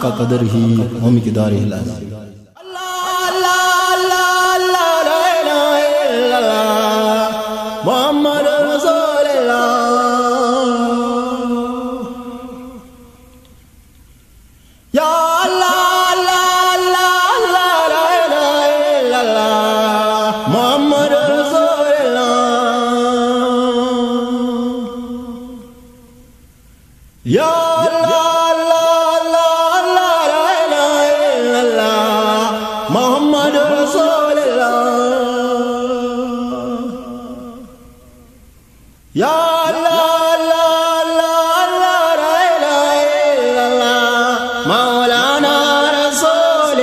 کا قدر ہی حومیدار لازم یا اللہ اللہ مولانا رسول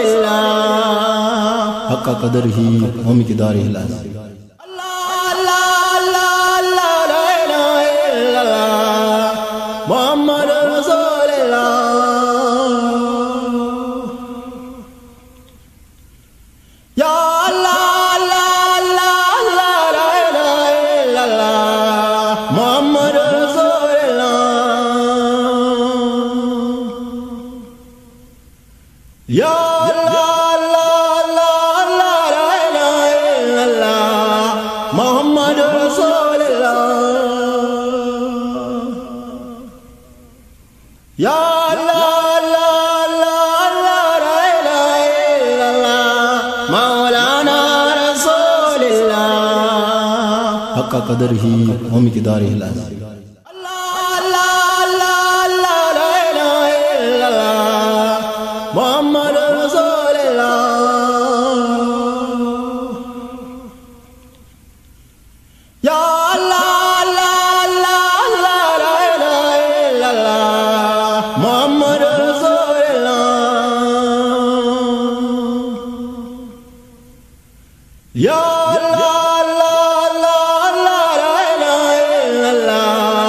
حق قدر ہی ہماری یا اللہ قدر ہی موران اللہ محمد رسول اللہ يا الله الله الله الله لا اله الا الله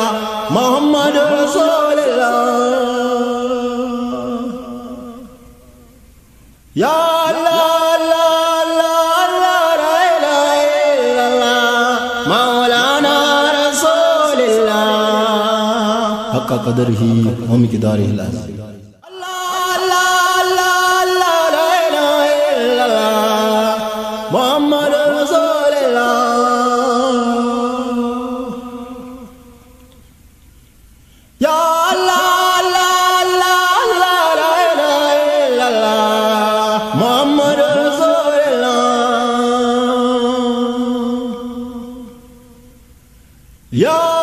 محمد رسول الله يا الله الله الله الله لا اله الا الله مولانا رسول الله حق قدره ومقداره العظيم মোহাম্মদ Yeah!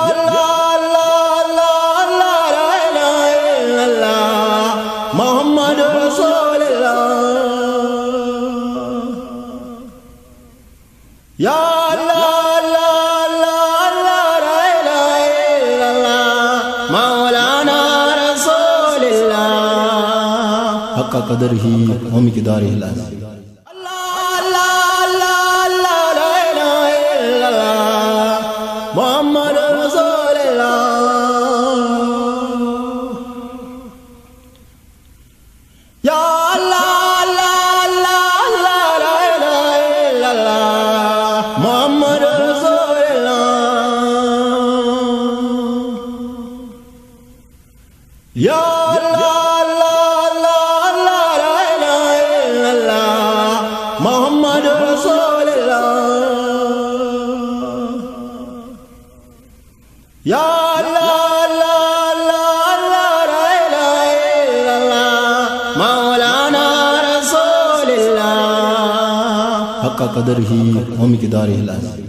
کا قدر ہی لا لال رائے لالا معامر رسولا یا یا اللہ رسول قدر ہی قومی کی किदारे लाल